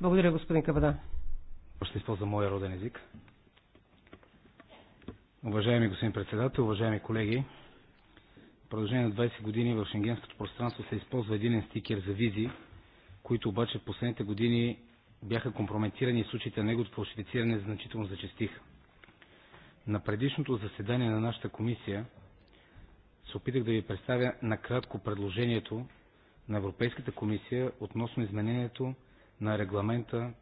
Благодаря, господин Кабада. Ще за моя роден език. Уважаеми господин председател, уважаеми колеги, в продължение на 20 години в шенгенското пространство се използва един стикер за визи, които обаче в последните години бяха компрометирани и случаите на от фалшифициране значително зачастиха. На предишното заседание на нашата комисия се опитах да ви представя накратко предложението на Европейската комисия относно изменението на регламента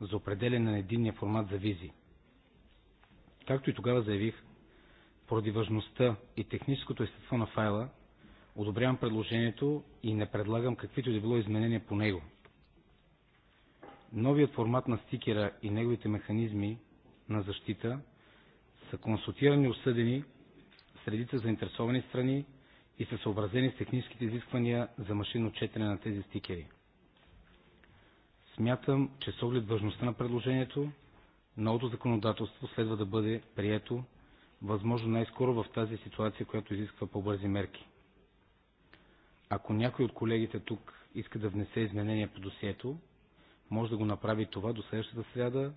за определене на единния формат за визи. Както и тогава заявих, поради важността и техническото естество на файла, одобрявам предложението и не предлагам каквито и да било изменения по него. Новият формат на стикера и неговите механизми на защита са консултирани и осъдени с редица заинтересовани страни и са съобразени с техническите изисквания за машинно четене на тези стикери – Смятам, че с оглед важността на предложението, новото законодателство следва да бъде прието възможно най-скоро в тази ситуация, която изисква по-бързи мерки. Ако някой от колегите тук иска да внесе изменения по досието, може да го направи това до следващата сряда,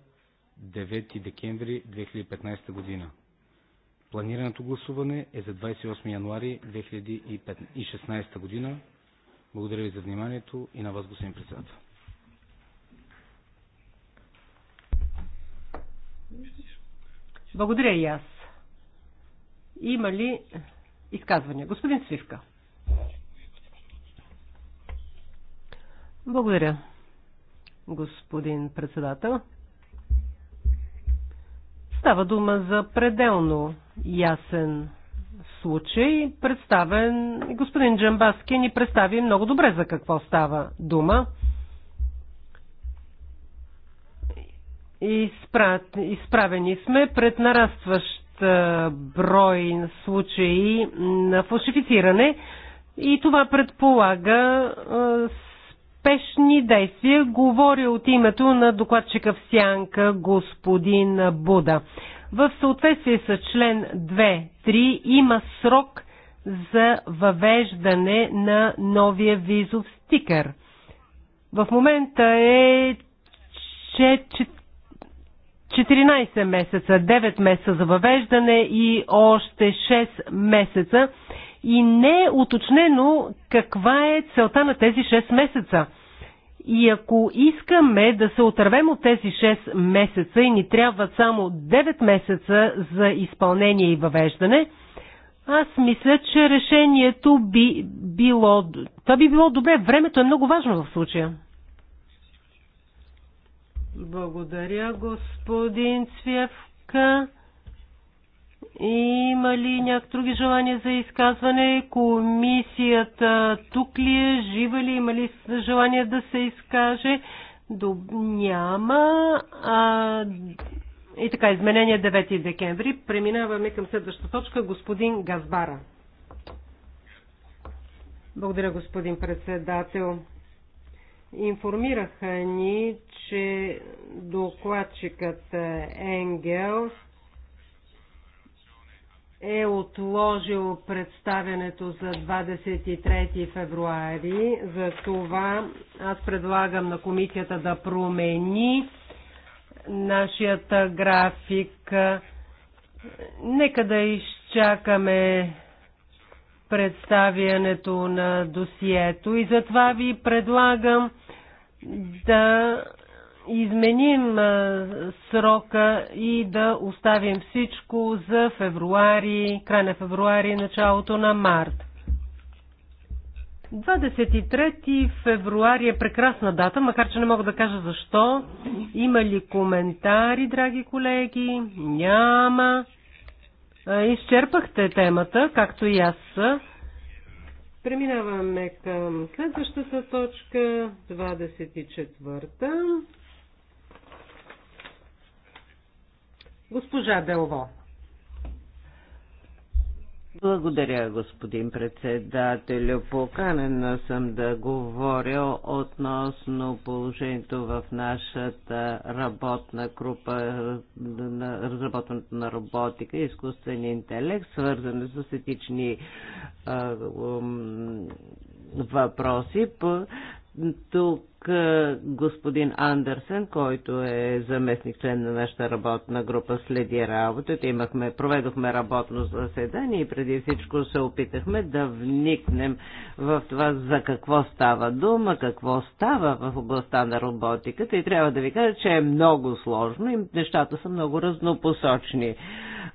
9 декември 2015 година. Планираното гласуване е за 28 януари 2016 година. Благодаря ви за вниманието и на вас, господин председател. Благодаря и аз. Има ли изказвания? Господин Свивка. Благодаря, господин председател. Става дума за пределно ясен случай, представен господин Джамбаски ни представи много добре за какво става дума. изправени сме пред нарастващ брой случаи на фалшифициране и това предполага спешни действия. Говоря от името на докладчика в сянка господин Буда. В съответствие с член 2.3 има срок за въвеждане на новия визов стикер. В момента е 14 месеца, 9 месеца за въвеждане и още 6 месеца. И не е уточнено каква е целта на тези 6 месеца. И ако искаме да се отървем от тези 6 месеца и ни трябват само 9 месеца за изпълнение и въвеждане, аз мисля, че решението би било... Това би било добре. Времето е много важно в случая. Благодаря, господин Цвевка. Има ли някакви други желания за изказване? Комисията тук ли е? Жива ли? Има ли желание да се изкаже? Доб... Няма. А... И така, изменение 9 декември. Преминаваме към следващата точка. Господин Газбара. Благодаря, господин председател. Информираха ни, че докладчикът Енгел е отложил представянето за 23 февруари. За това аз предлагам на комисията да промени нашият график. Нека да изчакаме представянето на досието и затова ви предлагам да изменим срока и да оставим всичко за февруари, края на февруари, началото на март. 23 февруари е прекрасна дата, макар че не мога да кажа защо. Има ли коментари, драги колеги? Няма. Изчерпахте темата, както и аз. Преминаваме към следващата точка, 24-та. Госпожа Делво. Благодаря, господин председателю. Поканена съм да говоря относно положението в нашата работна група на разработването на роботика и изкуствен интелект, свързана с етични а, въпроси. По тук е, господин Андерсен, който е заместник член на нашата работна група, следи работата. Имахме, проведохме работно заседание и преди всичко се опитахме да вникнем в това за какво става дума, какво става в областта на роботиката и трябва да ви кажа, че е много сложно и нещата са много разнопосочни.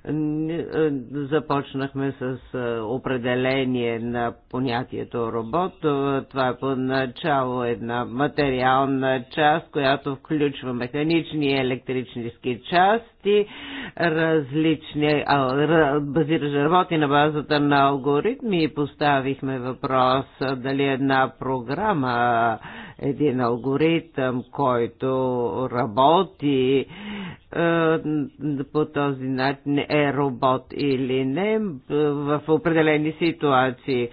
Е, започнахме с е, определение на понятието робот. Е, това е поначало една материална част, която включва механични и електрически части, различни базиращи работи на базата на алгоритми и поставихме въпрос дали една програма един алгоритъм, който работи е, по този начин, е робот или не, в определени ситуации.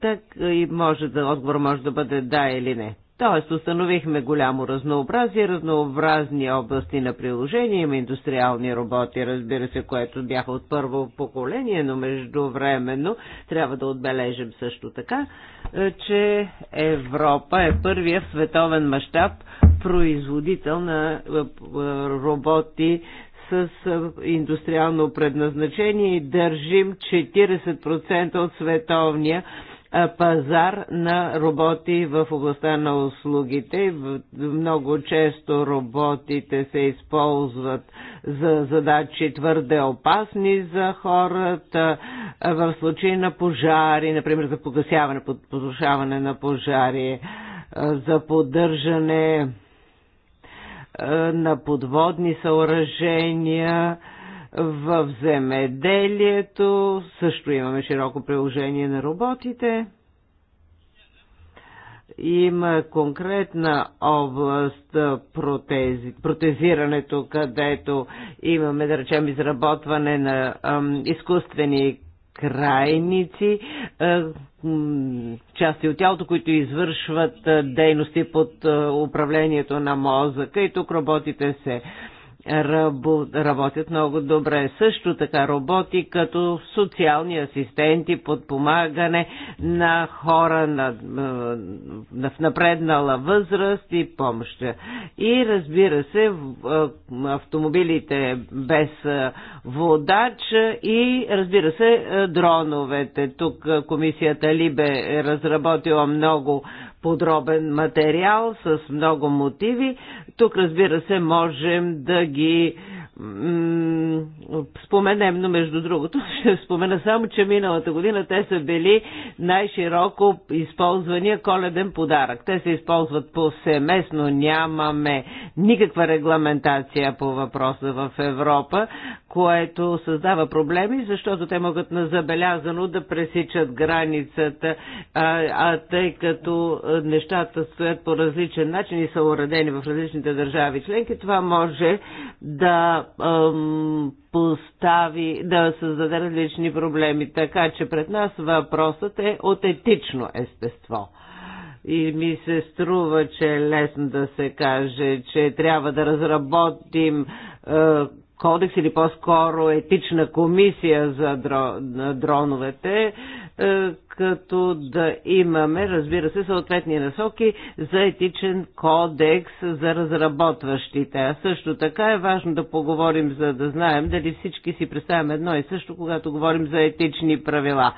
Так и може да, отговор може да бъде да или не. Т.е. установихме голямо разнообразие, разнообразни области на приложение, има индустриални роботи, разбира се, което бяха от първо поколение, но междувременно трябва да отбележим също така, е, че Европа е първия в световен мащаб производител на е, е, роботи с индустриално предназначение и държим 40% от световния пазар на роботи в областта на услугите. Много често роботите се използват за задачи твърде опасни за хората, в случай на пожари, например за погасяване, потушаване на пожари, за поддържане на подводни съоръжения, в земеделието също имаме широко приложение на роботите. Има конкретна област протези, протезирането, където имаме, да речем, изработване на ам, изкуствени крайници, части от тялото, които извършват дейности под управлението на мозъка и тук роботите се работят много добре. Също така роботи като социални асистенти, подпомагане на хора на, на, в напреднала възраст и помощ. И разбира се, автомобилите без водач и разбира се, дроновете. Тук комисията Либе е разработила много подробен материал с много мотиви. Тук, разбира се, можем да ги споменем, но между другото ще спомена само, че миналата година те са били най-широко използвания коледен подарък. Те се използват повсеместно, нямаме никаква регламентация по въпроса в Европа, което създава проблеми, защото те могат на забелязано да пресичат границата, а, а тъй като нещата стоят по различен начин и са уредени в различните държави членки, това може да постави, да създаде различни проблеми. Така че пред нас въпросът е от етично естество и ми се струва, че е лесно да се каже, че трябва да разработим е, кодекс или по-скоро етична комисия за дро, на дроновете, е, като да имаме, разбира се, съответни насоки за етичен кодекс за разработващите. А също така е важно да поговорим, за да знаем дали всички си представяме едно и също, когато говорим за етични правила.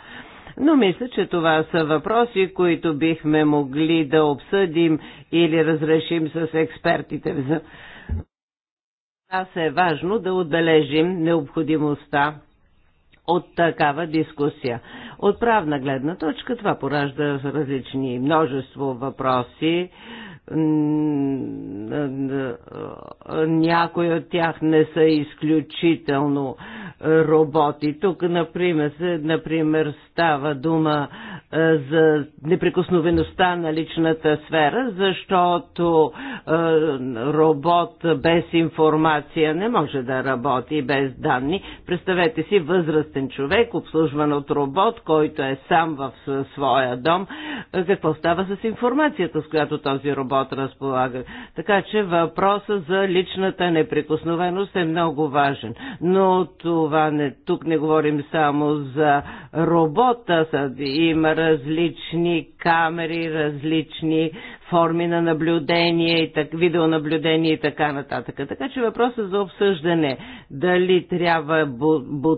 Но мисля, че това са въпроси, които бихме могли да обсъдим или разрешим с експертите. Аз е важно да отбележим необходимостта от такава дискусия. От правна гледна точка това поражда различни множество въпроси някои от тях не са изключително роботи. Тук, например, например става дума за неприкосновеността на личната сфера, защото робот без информация не може да работи без данни. Представете си възрастен човек, обслужван от робот, който е сам в своя дом. Какво става с информацията, с която този робот живот разполага. Така че въпросът за личната неприкосновеност е много важен. Но това не, тук не говорим само за робота, има различни камери, различни форми на наблюдение и так, видеонаблюдение и така нататък. Така че въпросът за обсъждане дали трябва бу, бу,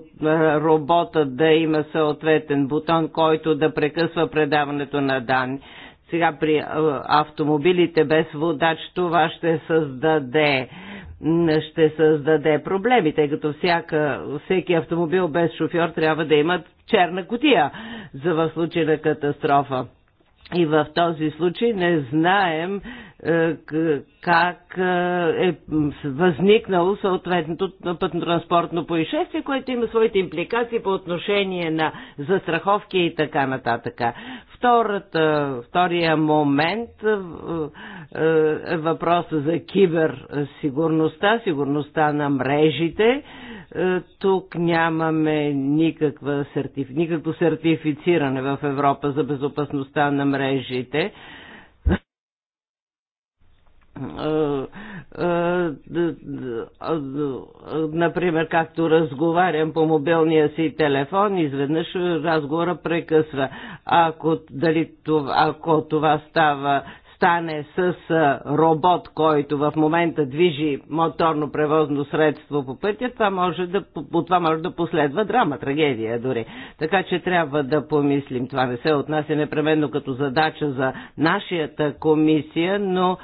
робота да има съответен бутон, който да прекъсва предаването на данни. Сега при автомобилите без водач това ще създаде ще създаде проблеми, тъй като всяка, всеки автомобил без шофьор трябва да имат черна котия за в случай на катастрофа. И в този случай не знаем е, как е, е възникнало съответното пътно-транспортно происшествие, което има своите импликации по отношение на застраховки и така нататък. Втората, втория момент е, е въпроса за киберсигурността, сигурността на мрежите. Тук нямаме никакво сертифициране в Европа за безопасността на мрежите например, както разговарям по мобилния си телефон, изведнъж разговора прекъсва. Ако, дали, това, ако това става стане с робот, който в момента движи моторно превозно средство по пътя, това може да, по това може да последва драма, трагедия дори. Така че трябва да помислим. Това не се отнася непременно като задача за нашата комисия, но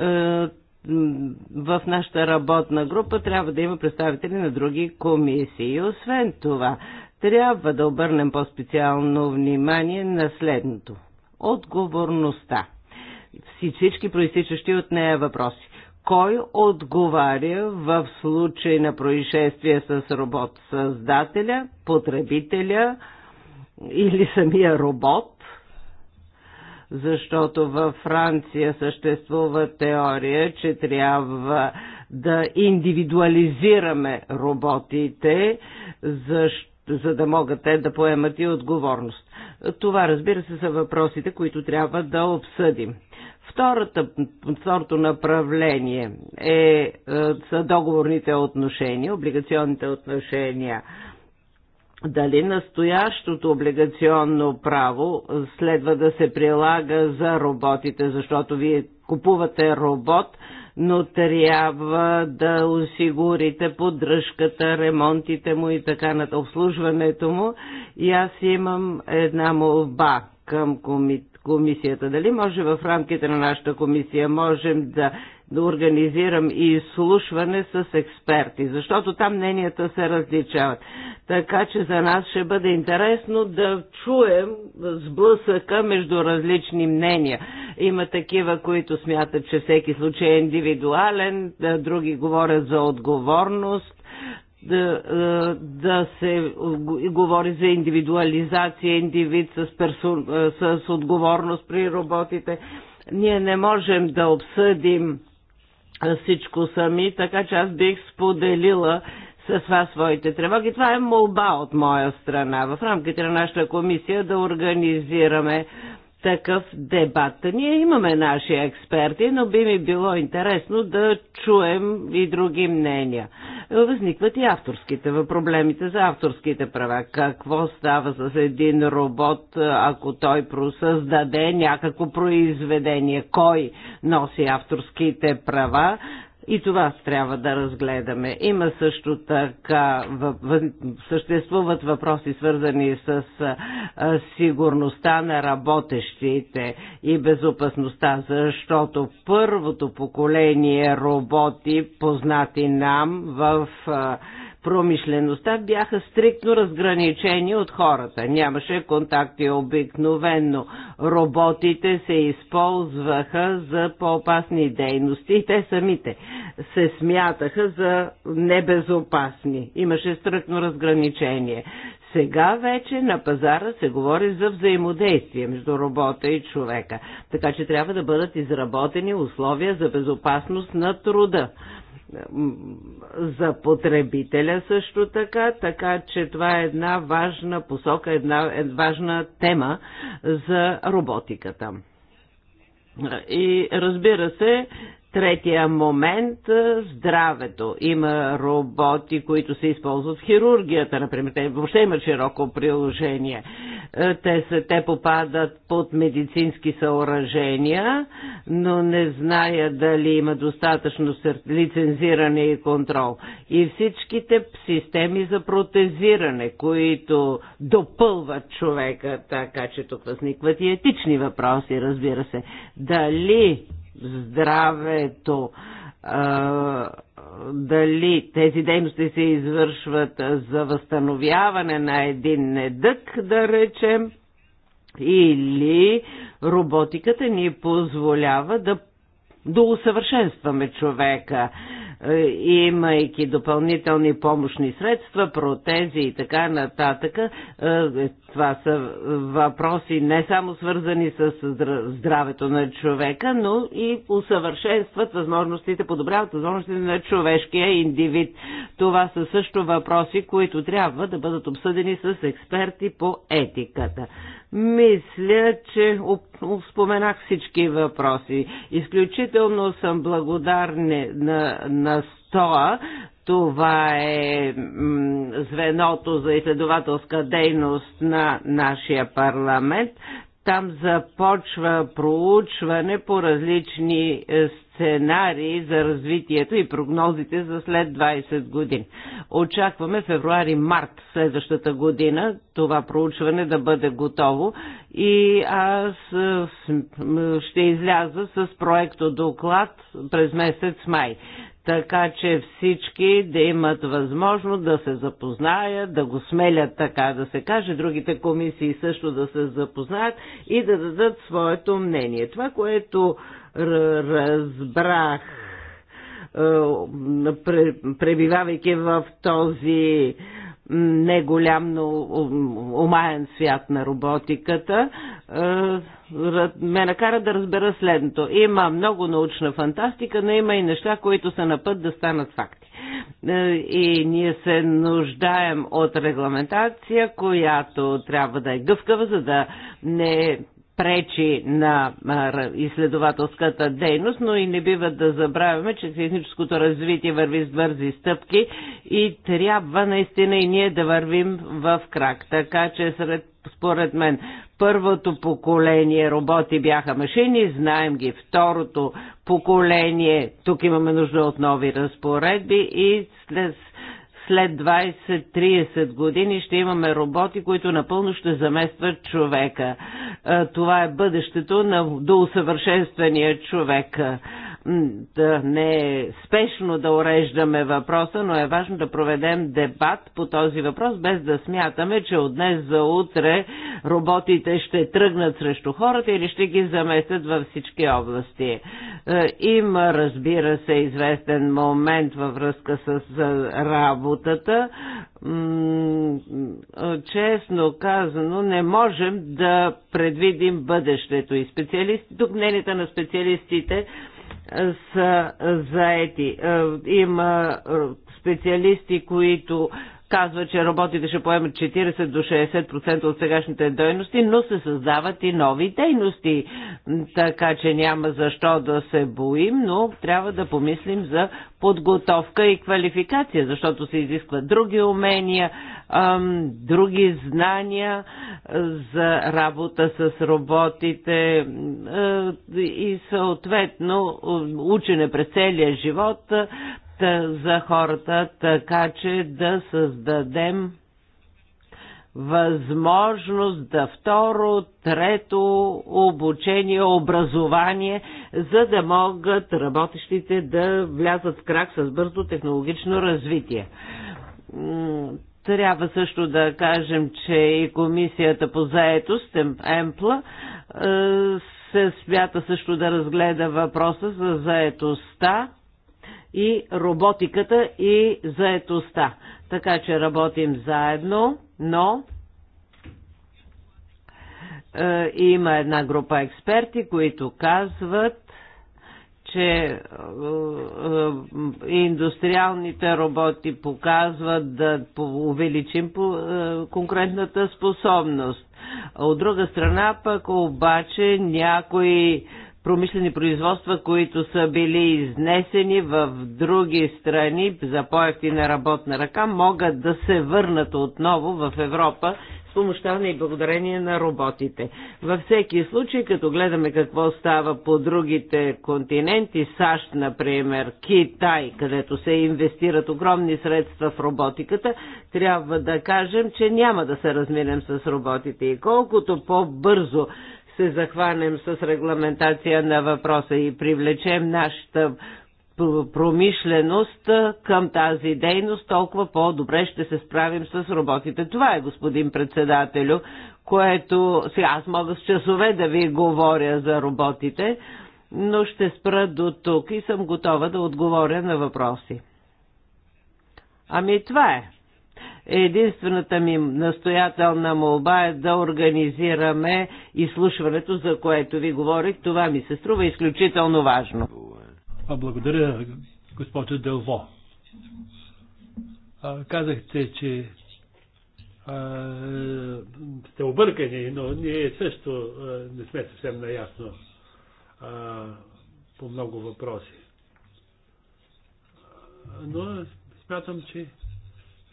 е, в нашата работна група трябва да има представители на други комисии. И освен това, трябва да обърнем по-специално внимание на следното. Отговорността. Всички проистичащи от нея въпроси. Кой отговаря в случай на происшествие с робот? Създателя, потребителя или самия робот? защото във Франция съществува теория, че трябва да индивидуализираме роботите, за, за да могат те да поемат и отговорност. Това, разбира се, са въпросите, които трябва да обсъдим. Втората, второто направление е, е са договорните отношения, облигационните отношения дали настоящото облигационно право следва да се прилага за роботите, защото вие купувате робот, но трябва да осигурите поддръжката, ремонтите му и така на обслужването му. И аз имам една молба към комисията. Дали може в рамките на нашата комисия можем да да организирам и изслушване с експерти, защото там мненията се различават. Така че за нас ще бъде интересно да чуем сблъсъка между различни мнения. Има такива, които смятат, че всеки случай е индивидуален, други говорят за отговорност, да, е, да се говори за индивидуализация, индивид с, персу, е, с отговорност при роботите. Ние не можем да обсъдим всичко сами, така че аз бих споделила с вас своите тревоги. Това е молба от моя страна в рамките на нашата комисия да организираме такъв дебат. Ние имаме наши експерти, но би ми било интересно да чуем и други мнения. Възникват и авторските, проблемите за авторските права. Какво става с един робот, ако той създаде някакво произведение? Кой носи авторските права? И това трябва да разгледаме. Има също така, съществуват въпроси свързани с сигурността на работещите и безопасността, защото първото поколение роботи, познати нам в промишлеността бяха стриктно разграничени от хората. Нямаше контакти обикновенно. Роботите се използваха за по-опасни дейности и те самите се смятаха за небезопасни. Имаше стриктно разграничение. Сега вече на пазара се говори за взаимодействие между робота и човека, така че трябва да бъдат изработени условия за безопасност на труда за потребителя също така, така че това е една важна посока, една е важна тема за роботиката. И разбира се, Третия момент – здравето. Има роботи, които се използват в хирургията, например. Те въобще имат широко приложение. Е, те, се, те попадат под медицински съоръжения, но не зная дали има достатъчно лицензиране и контрол. И всичките системи за протезиране, които допълват човека, така че тук възникват и етични въпроси, разбира се. Дали здравето, дали тези дейности се извършват за възстановяване на един недък, да речем, или роботиката ни позволява да усъвършенстваме човека, е, имайки допълнителни помощни средства, протези и така нататък. Е, е, това са въпроси не само свързани с здравето на човека, но и усъвършенстват възможностите, подобряват възможностите на човешкия индивид. Това са също въпроси, които трябва да бъдат обсъдени с експерти по етиката. Мисля, че споменах всички въпроси. Изключително съм благодарна на на СТОА, това е звеното за изследователска дейност на нашия парламент. Там започва проучване по различни е, сценарии за развитието и прогнозите за след 20 години. Очакваме февруари-март следващата година това проучване да бъде готово и аз е, ще изляза с проекто доклад през месец май така че всички да имат възможност да се запознаят, да го смелят така да се каже, другите комисии също да се запознаят и да дадат своето мнение. Това, което разбрах е, пребивавайки в този неголям, но омаен свят на роботиката, е, ме накара да разбера следното. Има много научна фантастика, но има и неща, които са на път да станат факти. Е, и ние се нуждаем от регламентация, която трябва да е гъвкава, за да не пречи на изследователската дейност, но и не бива да забравяме, че техническото развитие върви с бързи стъпки и трябва наистина и ние да вървим в крак. Така че сред според мен. Първото поколение роботи бяха машини, знаем ги. Второто поколение, тук имаме нужда от нови разпоредби и след след 20-30 години ще имаме роботи, които напълно ще заместват човека. Е, това е бъдещето на доусъвършенствания човек. Да, не е спешно да уреждаме въпроса, но е важно да проведем дебат по този въпрос, без да смятаме, че от днес за утре роботите ще тръгнат срещу хората или ще ги заместят във всички области. Е, има, разбира се, известен момент във връзка с работата. Честно казано, не можем да предвидим бъдещето и специалисти, тук мненията на специалистите е, са заети. Е, има специалисти, които казва, че роботите ще поемат 40 до 60% от сегашните дейности, но се създават и нови дейности. Така че няма защо да се боим, но трябва да помислим за подготовка и квалификация, защото се изискват други умения, други знания за работа с роботите и съответно учене през целия живот за хората, така че да създадем възможност да второ, трето обучение, образование, за да могат работещите да влязат в крак с бързо технологично развитие. Трябва също да кажем, че и комисията по заетост, ЕМПЛА, е, се смята също да разгледа въпроса за заетостта и роботиката и заетостта. Така че работим заедно, но е, има една група експерти, които казват, че е, е, индустриалните роботи показват да увеличим по, е, конкурентната способност. От друга страна пък обаче някои промишлени производства, които са били изнесени в други страни за по на работна ръка, могат да се върнат отново в Европа с помощта на и благодарение на роботите. Във всеки случай, като гледаме какво става по другите континенти, САЩ, например, Китай, където се инвестират огромни средства в роботиката, трябва да кажем, че няма да се разминем с роботите. И колкото по-бързо се захванем с регламентация на въпроса и привлечем нашата промишленост към тази дейност, толкова по-добре ще се справим с роботите. Това е, господин председателю, което сега аз мога с часове да ви говоря за роботите, но ще спра до тук и съм готова да отговоря на въпроси. Ами това е. Единствената ми настоятелна молба е да организираме изслушването, за което ви говорих. Това ми се струва изключително важно. Благодаря, госпожо Делво. Казахте, че а, сте объркани, но ние също а, не сме съвсем наясно а, по много въпроси. Но смятам, че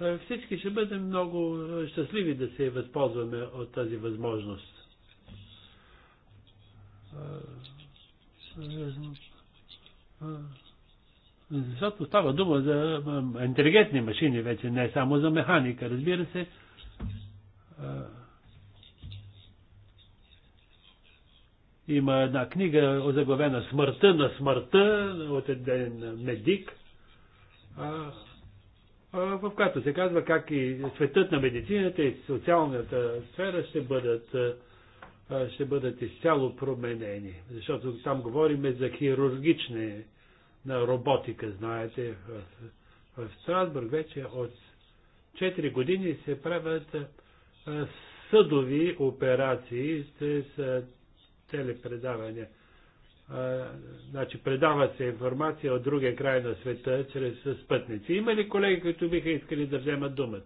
е, всички ще бъдем много е, щастливи да се възползваме от тази възможност. Е, защото става дума за интелигентни машини вече, не само за механика. Разбира се, има една книга озаглавена Смъртта на смъртта от един медик в която се казва как и светът на медицината и социалната сфера ще бъдат, ще бъдат изцяло променени. Защото там говорим за хирургични на роботика, знаете, в, в Страсбург вече от 4 години се правят съдови операции с телепредавания значи предава се информация от другия край на света чрез спътници. Има ли колеги, които биха искали да вземат думата?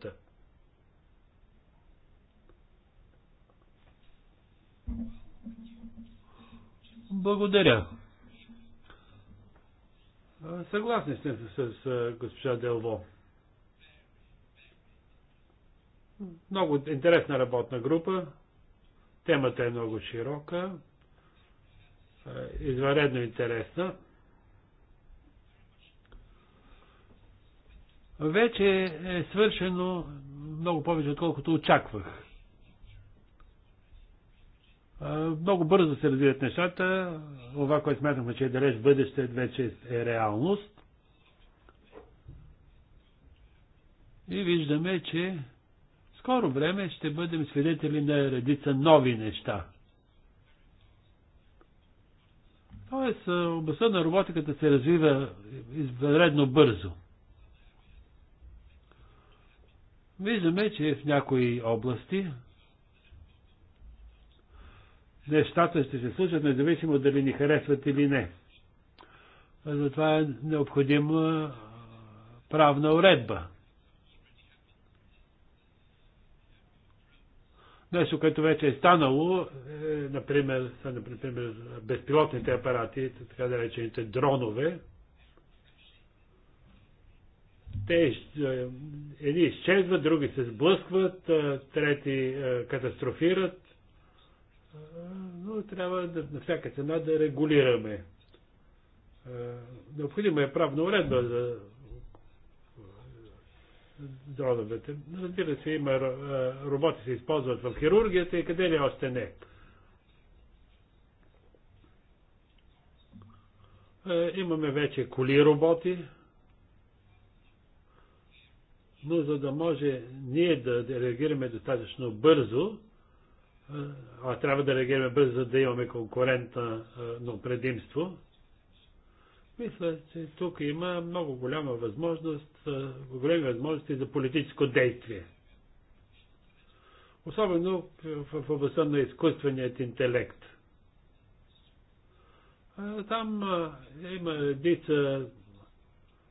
Благодаря. Съгласни сте с, с госпожа Делво. Много интересна работна група. Темата е много широка. Е, извънредно интересна. Вече е свършено много повече, отколкото очаквах. Е, много бързо се развиват нещата. Това, което смятахме, че е далеч бъдеще, вече е реалност. И виждаме, че скоро време ще бъдем свидетели на редица нови неща. Тоест, областта на роботиката се развива извънредно бързо. Виждаме, че в някои области нещата ще се случат, независимо дали ни харесват или не. Затова е необходима правна уредба. Нещо, което вече е станало, е, например, са, например, безпилотните апарати, така наречените да дронове. Те е, едни изчезват, други се сблъскват, е, трети е, катастрофират, но трябва да, на всяка цена да регулираме. Необходима е правна уредба за дроновете. Разбира се, има роботи се използват в хирургията и къде ли още не. Имаме вече коли роботи, но за да може ние да реагираме достатъчно бързо, а трябва да реагираме бързо, за да имаме конкурентно предимство, мисля, че тук има много голяма възможност големи възможности за политическо действие. Особено в областта на изкуственият интелект. Там има дица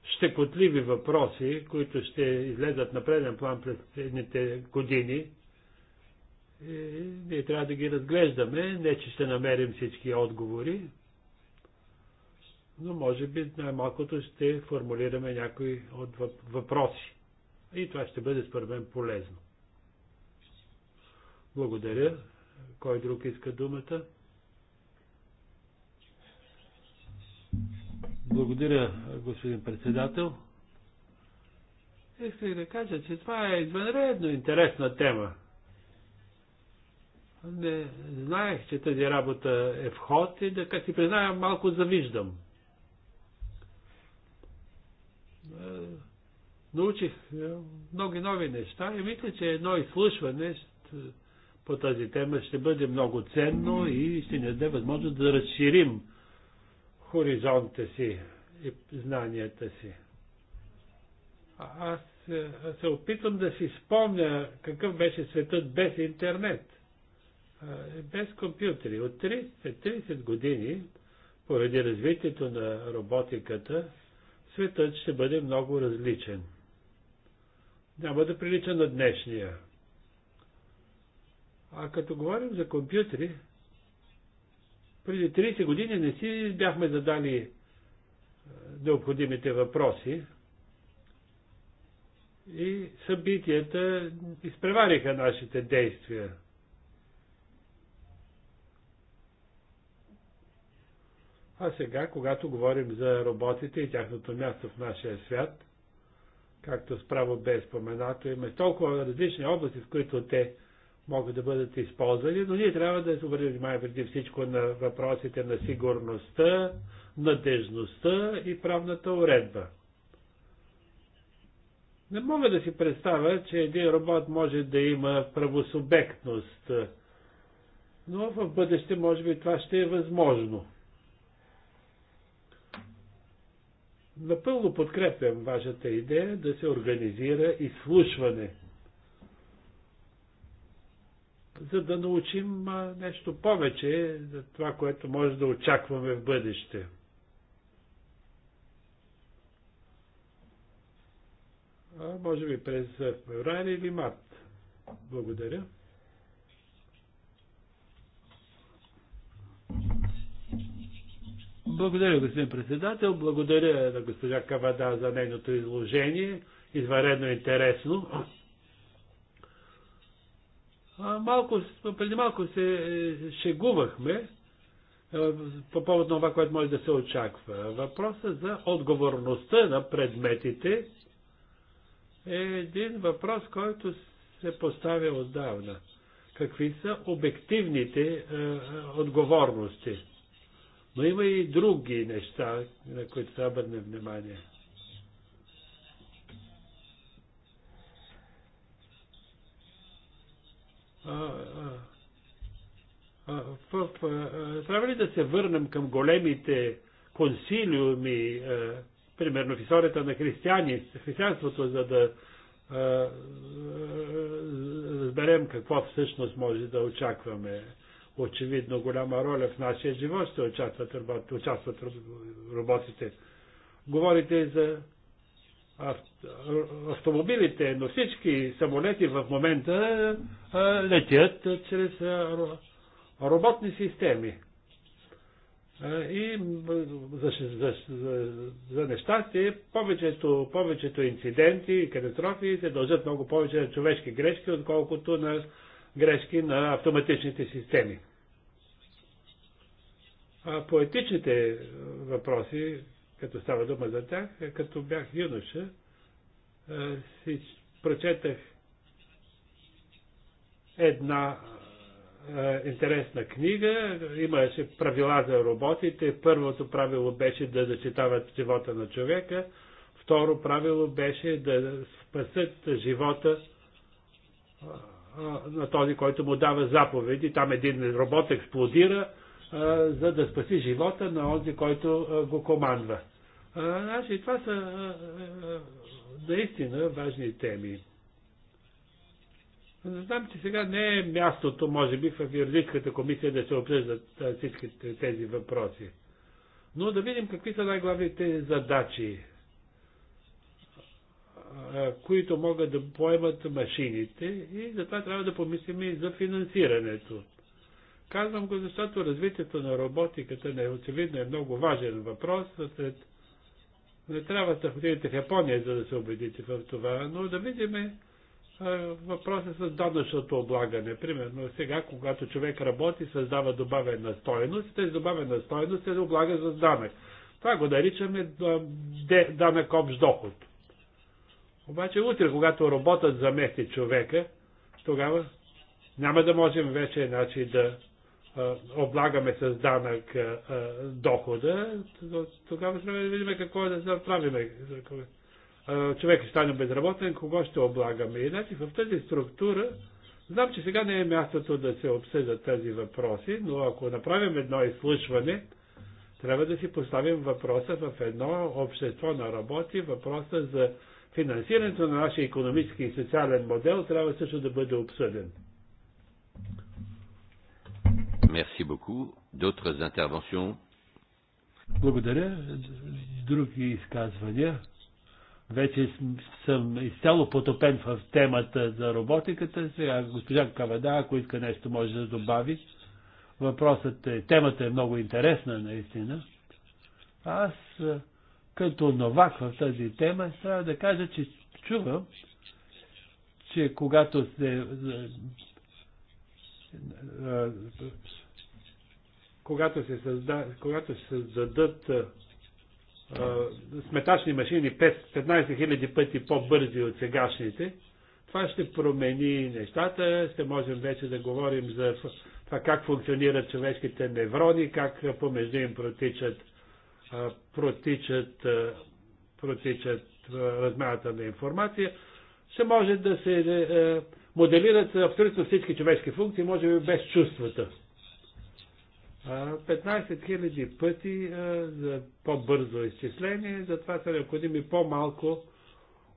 щекотливи въпроси, които ще излезат на преден план през следните години. И ние трябва да ги разглеждаме, не че ще намерим всички отговори, но може би най-малкото ще формулираме някои от въпроси. И това ще бъде според мен полезно. Благодаря. Кой друг иска думата? Благодаря, господин председател. Исках да кажа, че това е извънредно интересна тема. Не знаех, че тази работа е в ход и да, как си призная, малко завиждам. научих е, много нови неща и мисля, че едно изслушване по тази тема ще бъде много ценно и ще ни даде възможност да разширим хоризонта си и знанията си. А аз е, се опитвам да си спомня какъв беше светът без интернет, без компютри. От 30, 30 години, поради развитието на роботиката, светът ще бъде много различен няма да прилича на днешния. А като говорим за компютри, преди 30 години не си бяхме задали е, необходимите въпроси и събитията изпревариха нашите действия. А сега, когато говорим за роботите и тяхното място в нашия свят – както справо бе споменато, има толкова различни области, в които те могат да бъдат използвани, но ние трябва да се обърнем внимание преди всичко на въпросите на сигурността, надежността и правната уредба. Не мога да си представя, че един робот може да има правосубектност, но в бъдеще може би това ще е възможно. напълно подкрепям вашата идея да се организира изслушване, за да научим нещо повече за това, което може да очакваме в бъдеще. А може би през феврари или март. Благодаря. Благодаря, господин председател. Благодаря на госпожа Кавада за нейното изложение. Изваредно интересно. Малко, преди малко се е, шегувахме е, по повод на това, което може да се очаква. Въпросът за отговорността на предметите е един въпрос, който се поставя отдавна. Какви са обективните е, отговорности? Но има и други неща, на които се обърне внимание. трябва ли да се върнем към големите консилиуми, примерно в историята на християни, християнството, за да разберем какво всъщност може да очакваме очевидно голяма роля в нашия живот ще участват, участват роботите. Говорите за автомобилите, но всички самолети в момента летят чрез роботни системи. И за, за, за, за нещастие, повечето, повечето инциденти и катастрофи се дължат много повече на човешки грешки, отколкото на грешки на автоматичните системи. А по етичните е, въпроси, като става дума за тях, е, като бях юноша, е, си прочетах една интересна книга. Имаше правила за роботите. Първото правило беше да зачитават живота на човека. Второ правило беше да спасат живота на този, който му дава заповеди. Там един робот експлодира, за да спаси живота на този, който го командва. Значи, това са наистина важни теми. Знам, че сега не е мястото, може би, в юридическата комисия да се обсъждат всички тези въпроси. Но да видим какви са най-главните задачи които могат да поемат машините и затова трябва да помислим и за финансирането. Казвам го, защото развитието на роботиката не, е очевидно е много важен въпрос. Не трябва да ходите в Япония, за да се убедите в това, но да видим въпроса с данъчното облагане. Примерно сега, когато човек работи, създава добавена стойност, и тази добавена стойност се облага с данък. Това го наричаме данък общ доход. Обаче утре, когато роботът замести човека, тогава няма да можем вече значи, да а, облагаме с данък а, дохода. Тогава трябва да видим какво е да направим. Човек ще стане безработен, кого ще облагаме. И значи в тази структура, знам, че сега не е мястото да се обсъдят тези въпроси, но ако направим едно изслушване, трябва да си поставим въпроса в едно общество на работи, въпроса за финансирането на нашия економически и социален модел трябва също да бъде обсъден. Merci beaucoup. D'autres interventions? Благодаря. Други изказвания. Вече съм изцяло потопен в темата за роботиката. Сега госпожа Кавада, ако иска нещо, може да добави. Въпросът е, темата е много интересна, наистина. Аз като новак в тази тема, трябва да кажа, че чувам, че когато се е, е, когато се, създа, когато се създадат а, е, сметачни машини 15 000 пъти по-бързи от сегашните, това ще промени нещата, ще можем вече да говорим за това как функционират човешките неврони, как помежду им протичат протичат, протичат размяната на информация, ще може да се моделират абсолютно всички човешки функции, може би без чувствата. 15 000 пъти за по-бързо изчисление, затова са необходими по-малко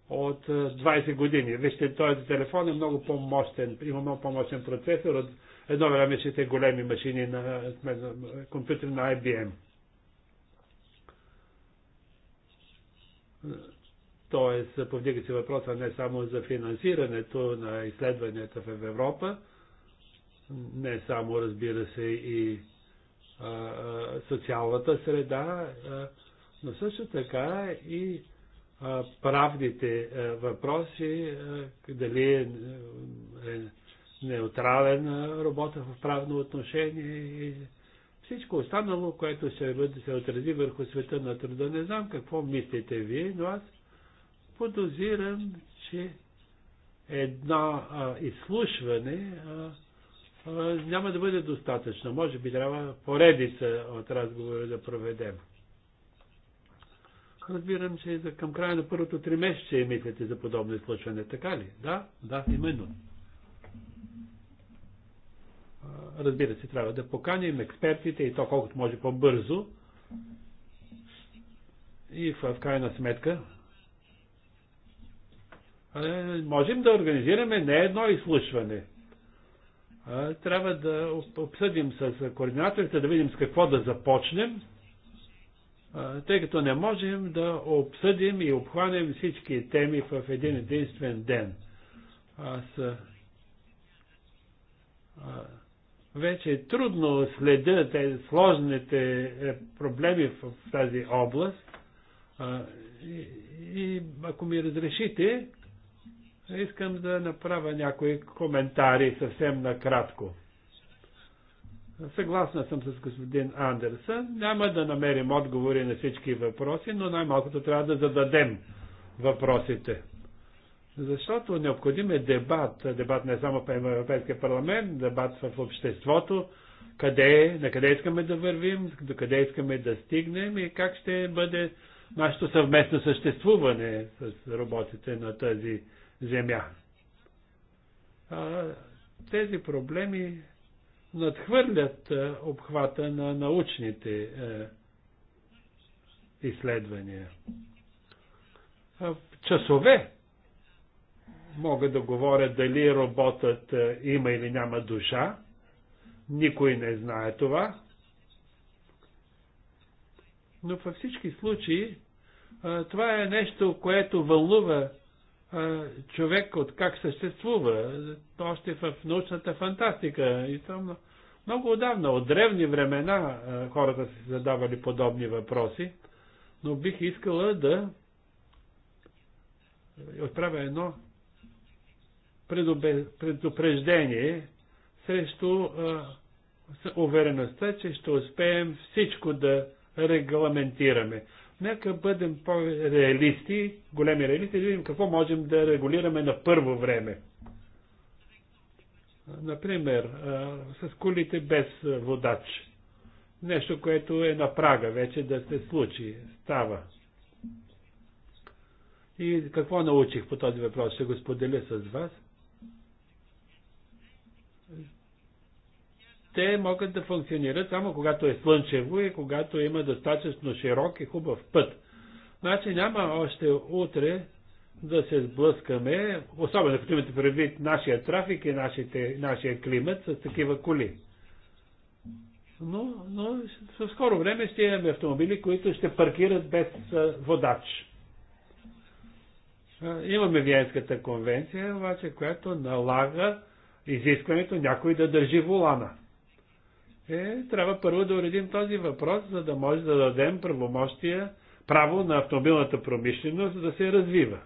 от 20 години. Вижте, този телефон е много по-мощен, има много по-мощен процесор от едно време големи машини на, на компютър на IBM. Тоест, повдига се въпроса не само за финансирането на изследванията в Европа, не само, разбира се, и а, а, социалната среда, а, но също така и а, правните а, въпроси, а, дали е, е неутрален работа в правно отношение и всичко останало, което ще се отрази върху света на труда, не знам какво мислите вие, но аз подозирам, че едно а, изслушване а, а, няма да бъде достатъчно. Може би трябва поредица от разговора да проведем. Разбирам, че към края на първото три месеца мислите за подобно изслушване, така ли? Да, да, именно разбира се, трябва да поканим експертите и то колкото може по-бързо. И в крайна сметка можем да организираме не едно изслушване. Трябва да обсъдим с координаторите, да видим с какво да започнем, тъй като не можем да обсъдим и обхванем всички теми в един единствен ден. Аз вече е трудно следа тези сложните е, проблеми в тази област. И, и ако ми разрешите, искам да направя някои коментари съвсем накратко. Съгласна съм с господин Андерсън. Няма да намерим отговори на всички въпроси, но най-малкото трябва да зададем въпросите. Защото необходим е дебат. Дебат не само в Европейския парламент, дебат в обществото, къде, на къде искаме да вървим, до къде искаме да стигнем и как ще бъде нашето съвместно съществуване с работите на тази земя. А, тези проблеми надхвърлят обхвата на научните е, изследвания. А, часове мога да говоря дали роботът е, има или няма душа. Никой не знае това. Но във всички случаи е, това е нещо, което вълнува е, човек от как съществува, още в научната фантастика. И там много отдавна, от древни времена, хората са задавали подобни въпроси, но бих искала да отправя едно предупреждение срещу увереността, че ще успеем всичко да регламентираме. Нека бъдем по-реалисти, големи реалисти, да видим какво можем да регулираме на първо време. Например, с колите без водач. Нещо, което е на прага вече да се случи. Става. И какво научих по този въпрос? Ще го споделя с вас те могат да функционират само когато е слънчево и когато има достатъчно широк и хубав път. Значи няма още утре да се сблъскаме, особено като имате предвид нашия трафик и нашите, нашия климат с такива коли. Но, но в скоро време ще имаме автомобили, които ще паркират без водач. Имаме Виенската конвенция, обаче, която налага изискването някой да държи волана. Е, трябва първо да уредим този въпрос, за да може да дадем правомощия, право на автомобилната промишленост да се развива.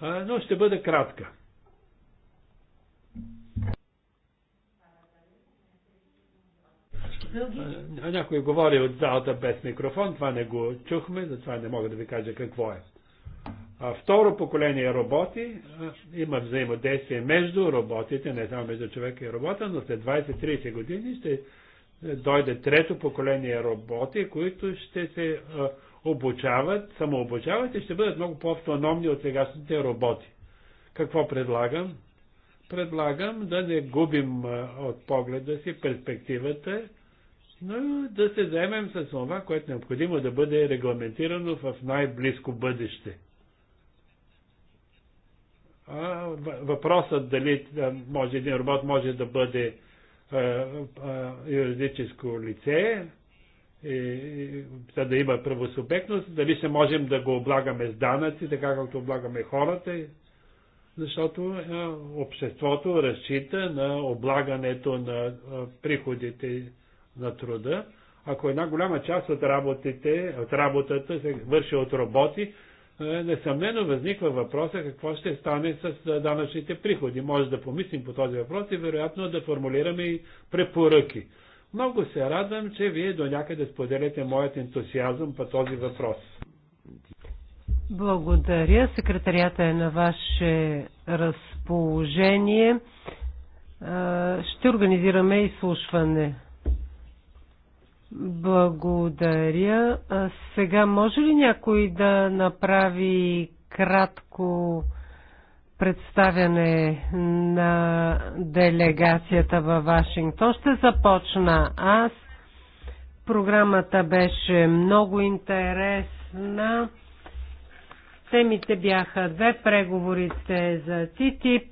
А, но ще бъде кратка. Някой говори от залата без микрофон, това не го чухме, затова не мога да ви кажа какво е второ поколение роботи, има взаимодействие между роботите, не само между човека и робота, но след 20-30 години ще дойде трето поколение роботи, които ще се обучават, самообучават и ще бъдат много по-автономни от сегашните роботи. Какво предлагам? Предлагам да не губим от погледа си перспективата, но да се заемем с това, което е необходимо да бъде регламентирано в най-близко бъдеще въпросът дали може един робот може да бъде юридическо лице, за да има правосубектност, дали се можем да го облагаме с данъци, така както облагаме хората, защото обществото разчита на облагането на приходите на труда. Ако една голяма част от, работите, от работата се върши от роботи, е, несъмнено възниква въпроса какво ще стане с е, данъчните приходи. Може да помислим по този въпрос и вероятно да формулираме и препоръки. Много се радвам, че вие до някъде споделяте моят ентусиазъм по този въпрос. Благодаря. Секретарията е на ваше разположение. Е, ще организираме изслушване. Благодаря. А сега може ли някой да направи кратко представяне на делегацията във Вашингтон? Ще започна аз. Програмата беше много интересна. Темите бяха две преговорите за ТИТИП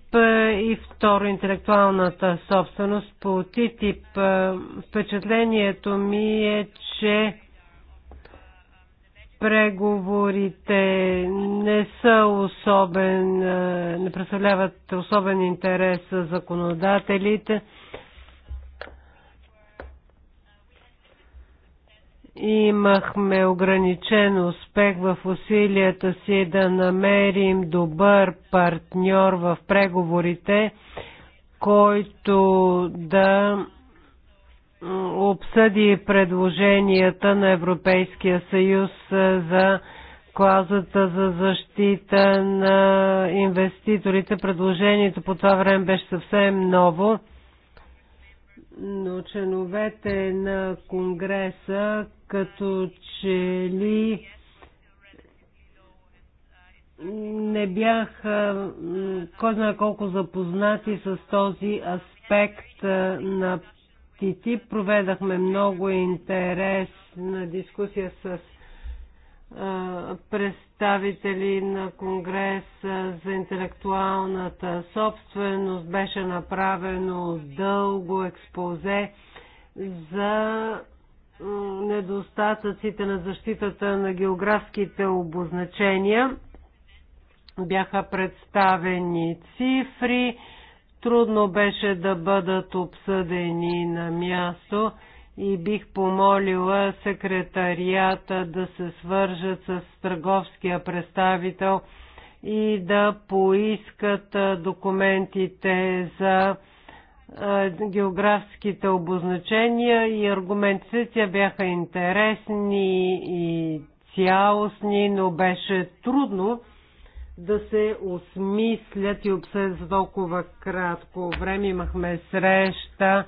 и второ интелектуалната собственост по ТИТИП. Впечатлението ми е, че преговорите не са особен, не представляват особен интерес за законодателите. Имахме ограничен успех в усилията си да намерим добър партньор в преговорите, който да обсъди предложенията на Европейския съюз за клаузата за защита на инвеститорите. Предложението по това време беше съвсем ново но членовете на Конгреса като че ли не бяха кой знае колко запознати с този аспект на ТИТИ. Проведахме много интересна дискусия с представители на Конгрес за интелектуалната собственост. Беше направено дълго експозе за недостатъците на защитата на географските обозначения. Бяха представени цифри, трудно беше да бъдат обсъдени на място и бих помолила секретарията да се свържат с търговския представител и да поискат документите за географските обозначения и аргументите бяха интересни и цялостни, но беше трудно да се осмислят и обсъдят за толкова кратко време. Имахме среща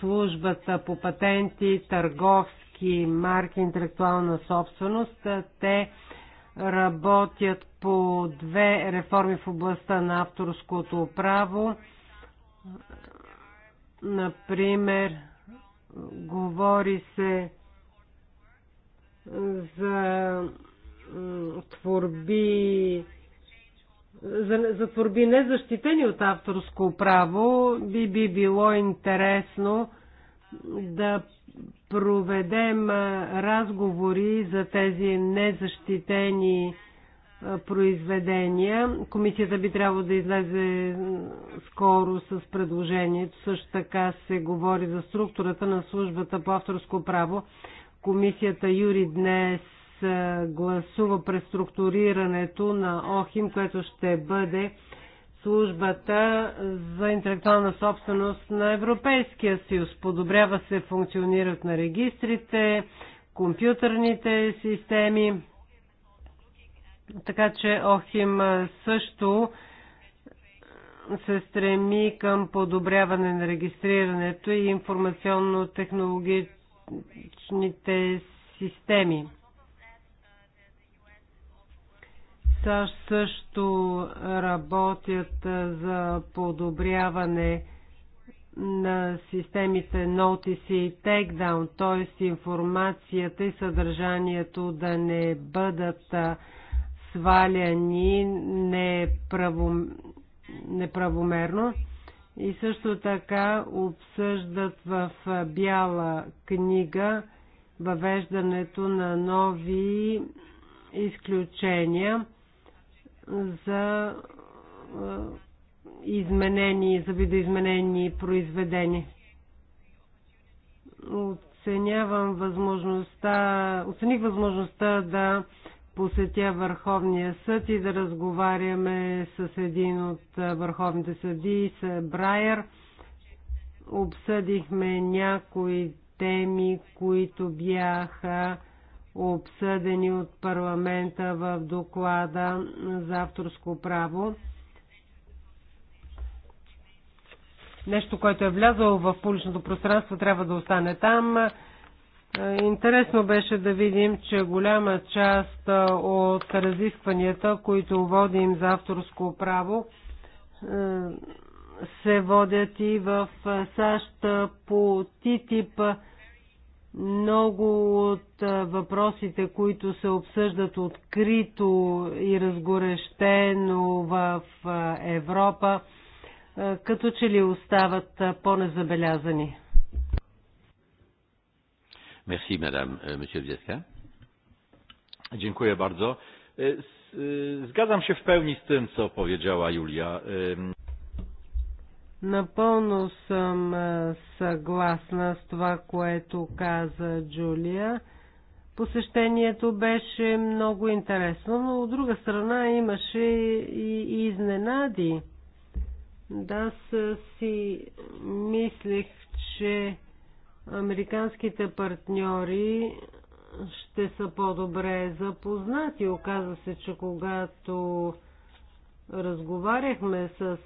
службата по патенти, търговски марки, интелектуална собственост. Те работят по две реформи в областта на авторското право. Например, говори се за творби за, за творби незащитени от авторско право, би, би било интересно да проведем разговори за тези незащитени произведения. Комисията би трябвало да излезе скоро с предложението. Също така се говори за структурата на службата по авторско право. Комисията Юри днес гласува преструктурирането на ОХИМ, което ще бъде службата за интелектуална собственост на Европейския съюз. Подобрява се функционират на регистрите, компютърните системи, така че ОХИМ също се стреми към подобряване на регистрирането и информационно-технологичните системи. САЩ също работят за подобряване на системите Notice и Takedown, т.е. информацията и съдържанието да не бъдат сваляни неправо, неправомерно. И също така обсъждат в бяла книга въвеждането на нови изключения за е, изменени, за видоизменени произведени. Оценявам възможността, оцених възможността да посетя Върховния съд и да разговаряме с един от е, върховните съди, с Брайер. Обсъдихме някои теми, които бяха обсъдени от парламента в доклада за авторско право. Нещо, което е влязало в публичното пространство, трябва да остане там. Интересно беше да видим, че голяма част от разискванията, които водим за авторско право, се водят и в САЩ по ТИТИП. Много от въпросите, които се обсъждат открито и разгорещено в Европа, като че ли остават по-незабелязани. Мерси, мадам, месье Bieska. Дякую bardzo. Згадам се в pełni с тем, което поведжала Юлия. Напълно съм съгласна с това, което каза Джулия. Посещението беше много интересно, но от друга страна имаше и изненади. Да, си мислех, че американските партньори ще са по-добре запознати. Оказва се, че когато разговаряхме с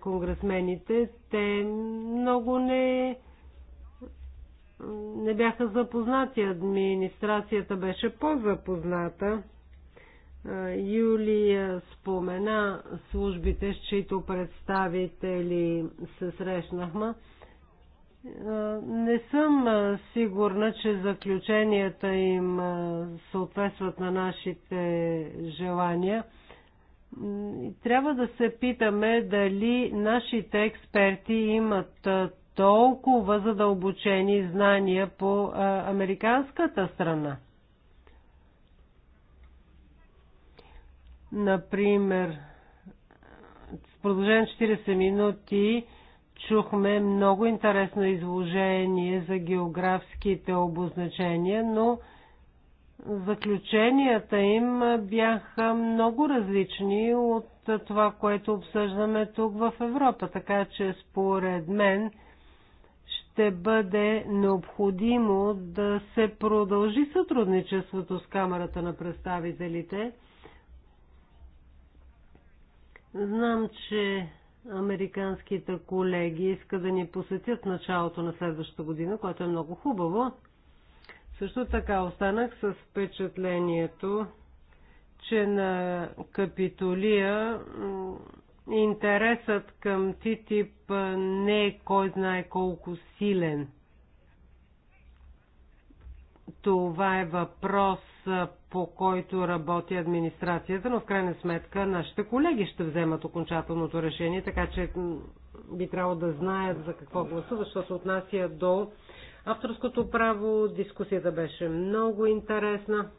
конгресмените, те много не, не бяха запознати. Администрацията беше по-запозната. Юлия спомена службите, с чието представители се срещнахме. Не съм сигурна, че заключенията им съответстват на нашите желания – трябва да се питаме дали нашите експерти имат толкова задълбочени знания по американската страна. Например, в продължение 40 минути чухме много интересно изложение за географските обозначения, но заключенията им бяха много различни от това, което обсъждаме тук в Европа. Така че според мен ще бъде необходимо да се продължи сътрудничеството с Камерата на представителите. Знам, че американските колеги искат да ни посетят началото на следващата година, което е много хубаво. Също така останах с впечатлението, че на Капитолия интересът към ТТИП не е кой знае колко силен. Това е въпрос, по който работи администрацията, но в крайна сметка нашите колеги ще вземат окончателното решение, така че би трябвало да знаят за какво гласуват, защото се отнася до авторското право. Дискусията беше много интересна.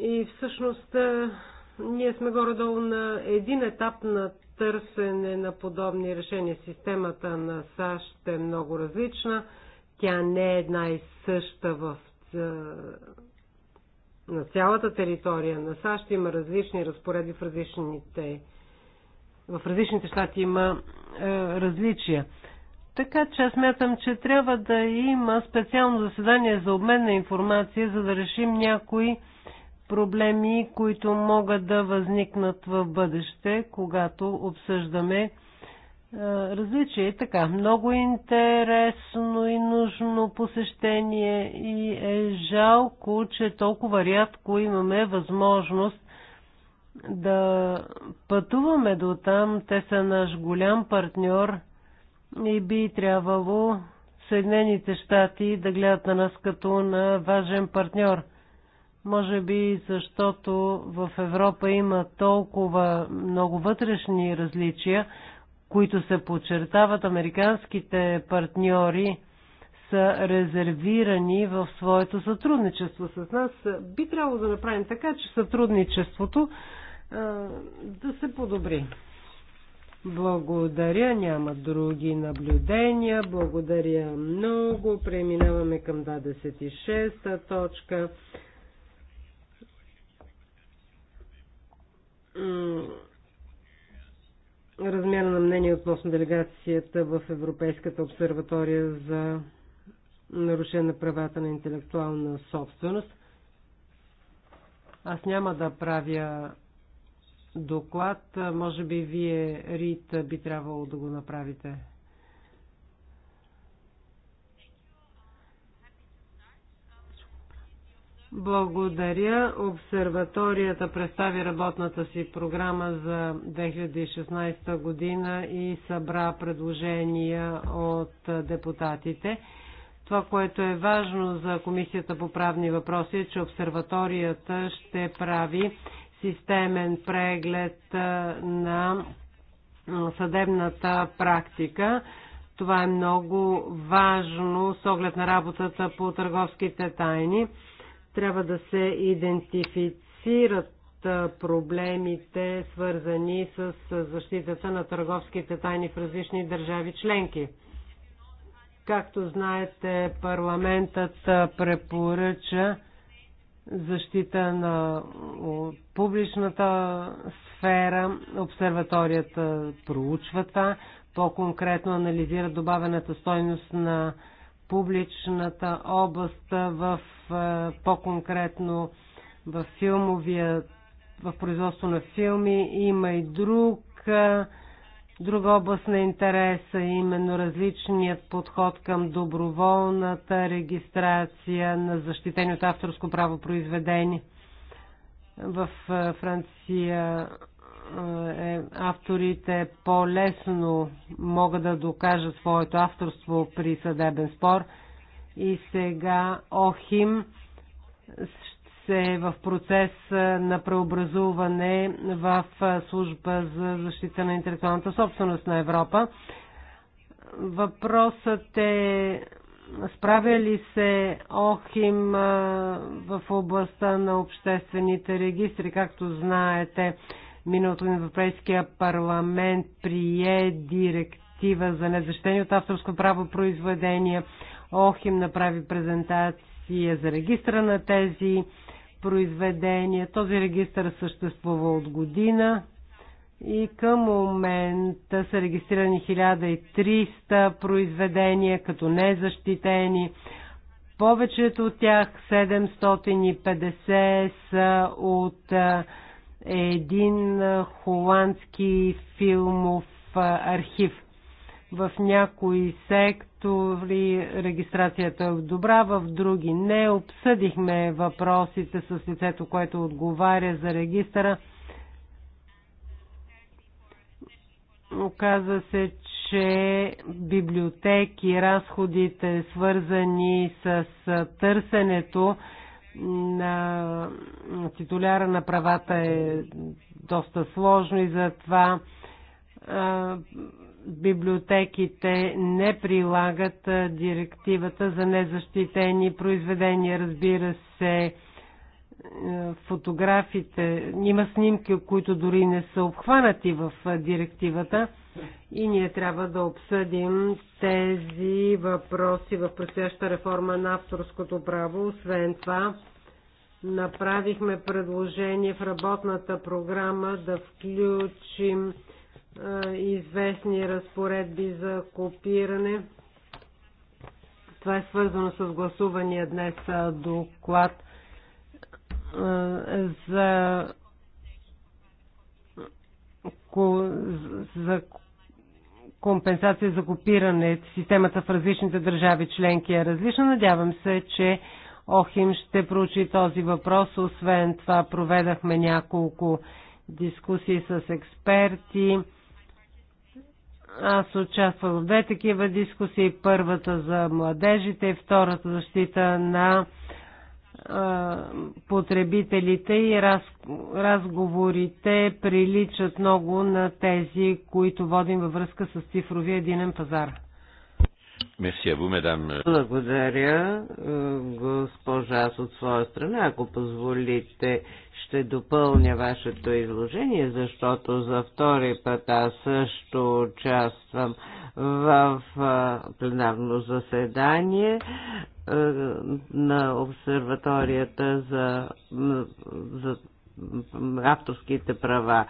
И всъщност е, ние сме горе-долу на един етап на търсене на подобни решения. Системата на САЩ е много различна. Тя не е една и съща в е, на цялата територия на САЩ има различни разпореди в различните в различните щати има е, различия. Така че аз мятам, че трябва да има специално заседание за обмен на информация, за да решим някои проблеми, които могат да възникнат в бъдеще, когато обсъждаме е, различия. И така, много интересно и нужно посещение и е жалко, че толкова рядко имаме възможност да пътуваме до там. Те са наш голям партньор и би трябвало Съединените щати да гледат на нас като на важен партньор. Може би защото в Европа има толкова много вътрешни различия, които се подчертават. Американските партньори са резервирани в своето сътрудничество с нас. Би трябвало да направим така, че сътрудничеството да се подобри. Благодаря, няма други наблюдения. Благодаря много. Преминаваме към 26-та точка. Размяна на мнение относно делегацията в Европейската обсерватория за нарушена правата на интелектуална собственост. Аз няма да правя доклад. Може би вие, Рит, би трябвало да го направите. Благодаря. Обсерваторията представи работната си програма за 2016 година и събра предложения от депутатите. Това, което е важно за Комисията по правни въпроси е, че обсерваторията ще прави системен преглед на съдебната практика. Това е много важно с оглед на работата по търговските тайни. Трябва да се идентифицират проблемите, свързани с защитата на търговските тайни в различни държави членки. Както знаете, парламентът препоръча защита на публичната сфера. Обсерваторията проучва това, по-конкретно анализира добавената стойност на публичната област в е, по-конкретно в филмовия в производство на филми. Има и друг е, Друга област на интерес е именно различният подход към доброволната регистрация на защитени от авторско право произведени. В Франция е, авторите по-лесно могат да докажат своето авторство при съдебен спор. И сега ОХИМ се в процес на преобразуване в служба за защита на интелектуалната собственост на Европа. Въпросът е справя ли се ОХИМ в областта на обществените регистри? Както знаете, миналото на Европейския парламент прие директива за незащитени от авторско право произведения. ОХИМ направи презентация за регистра на тези произведения. Този регистр съществува от година и към момента са регистрирани 1300 произведения като незащитени. Повечето от тях, 750, са от един холандски филмов архив. В някои секции както ли регистрацията е добра, в други не. Обсъдихме въпросите с лицето, което отговаря за регистъра. Оказва се, че библиотеки, разходите свързани с търсенето на титуляра на правата е доста сложно и затова библиотеките не прилагат директивата за незащитени произведения. Разбира се, е, фотографите, има снимки, които дори не са обхванати в директивата и ние трябва да обсъдим тези въпроси в предстояща реформа на авторското право. Освен това, направихме предложение в работната програма да включим известни разпоредби за копиране. Това е свързано с гласувания днес доклад за, за компенсация за копиране. Системата в различните държави членки е различна. Надявам се, че Охим ще проучи този въпрос. Освен това проведахме няколко дискусии с експерти аз участвам в две такива дискусии. Първата за младежите и втората защита на потребителите и раз, разговорите приличат много на тези, които водим във връзка с цифровия единен пазар. Мерси Абу, медам. Благодаря, е, госпожа. Аз от своя страна, ако позволите, ще допълня вашето изложение, защото за втори път аз също участвам в е, пленарно заседание е, на обсерваторията за, за авторските права.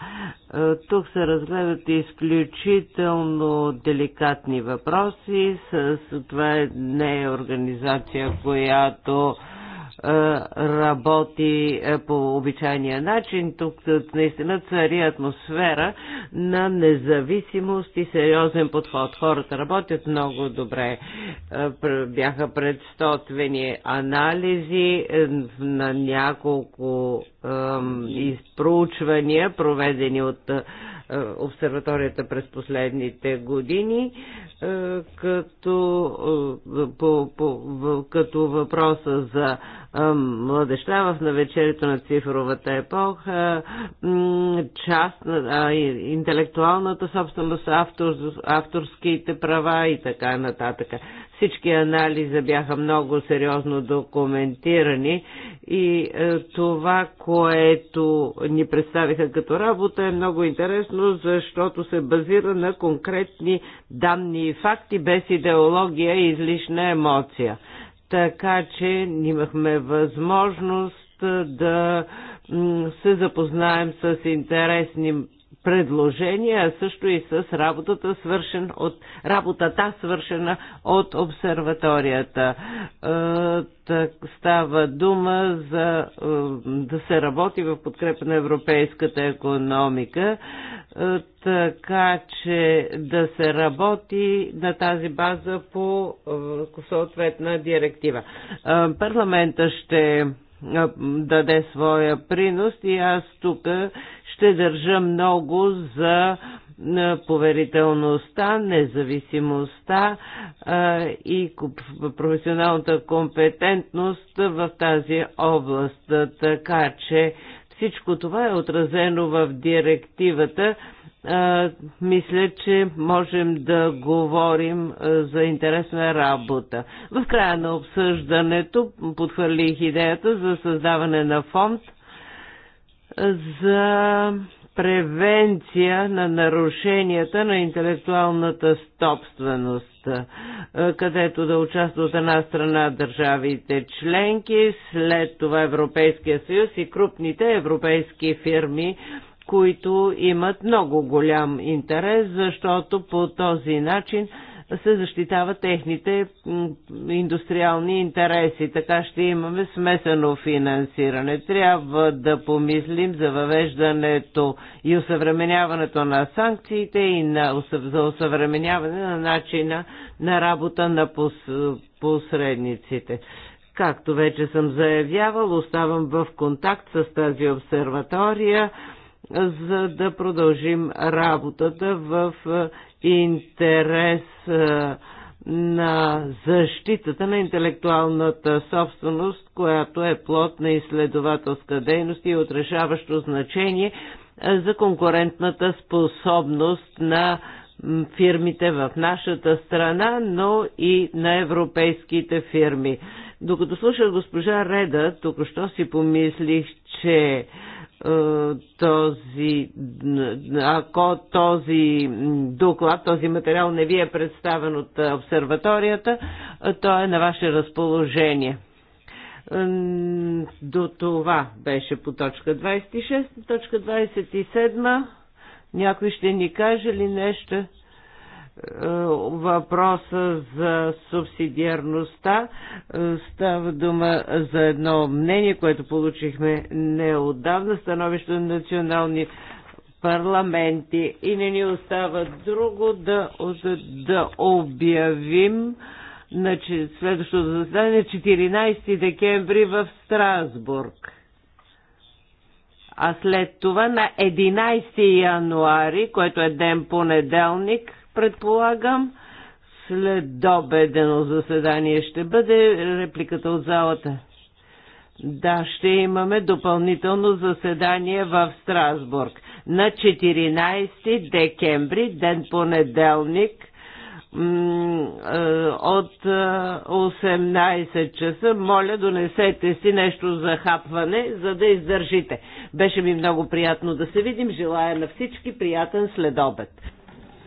Е, тук се разгледат изключително деликатни въпроси. С, това е, не е организация, която работи по обичайния начин. Тук наистина цари атмосфера на независимост и сериозен подход. Хората работят много добре. Бяха предстотвени анализи е, на няколко изпроучвания, проведени от обсерваторията през последните години, е, като, е, по, по, като въпроса за младеща в навечерието на цифровата епоха, част, а, интелектуалната собственост, автор, авторските права и така нататък. Всички анализа бяха много сериозно документирани и е, това, което ни представиха като работа е много интересно, защото се базира на конкретни данни и факти без идеология и излишна емоция така че имахме възможност да се запознаем с интересни предложения, а също и с работата, свършен от, работата свършена от обсерваторията. Е, так, става дума за е, да се работи в подкрепа на европейската економика, е, така че да се работи на тази база по съответна директива. Парламента ще даде своя принос и аз тук ще държа много за поверителността, независимостта и професионалната компетентност в тази област. Така че всичко това е отразено в директивата. мисля, че можем да говорим за интересна работа. В края на обсъждането подхвърлих идеята за създаване на фонд – за превенция на нарушенията на интелектуалната собственост, е, където да участват от една страна държавите членки, след това Европейския съюз и крупните европейски фирми, които имат много голям интерес, защото по този начин се защитава техните индустриални интереси. Така ще имаме смесено финансиране. Трябва да помислим за въвеждането и усъвременяването на санкциите и на, за усъвременяване на начина на работа на пос, посредниците. Както вече съм заявявал, оставам в контакт с тази обсерватория за да продължим работата в интерес е, на защитата на интелектуалната собственост, която е плод на изследователска дейност и отрешаващо значение е, за конкурентната способност на фирмите в нашата страна, но и на европейските фирми. Докато слушах госпожа Реда, току-що си помислих, че е, този, ако този доклад, този материал не ви е представен от обсерваторията, е, то е на ваше разположение. Е, до това беше по точка 26. Точка 27. Някой ще ни каже ли нещо? въпроса за субсидиарността. Става дума за едно мнение, което получихме неодавна, становище на национални парламенти и не ни остава друго да, да обявим на следващото заседание 14 декември в Страсбург а след това на 11 януари, който е ден понеделник, предполагам. След добедено заседание ще бъде репликата от залата. Да, ще имаме допълнително заседание в Страсбург на 14 декември, ден понеделник, е, от 18 е, часа. Моля, донесете си нещо за хапване, за да издържите. Беше ми много приятно да се видим. Желая на всички приятен следобед.